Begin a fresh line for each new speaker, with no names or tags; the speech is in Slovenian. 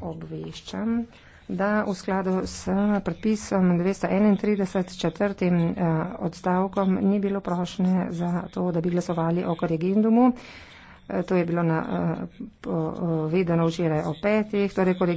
obveščam, da v skladu s predpisom 231 četrtim eh, odstavkom ni bilo prošnje za to, da bi glasovali o koregindumu. Eh, to je bilo eh, povedano včeraj o
petih, torej koregindumu.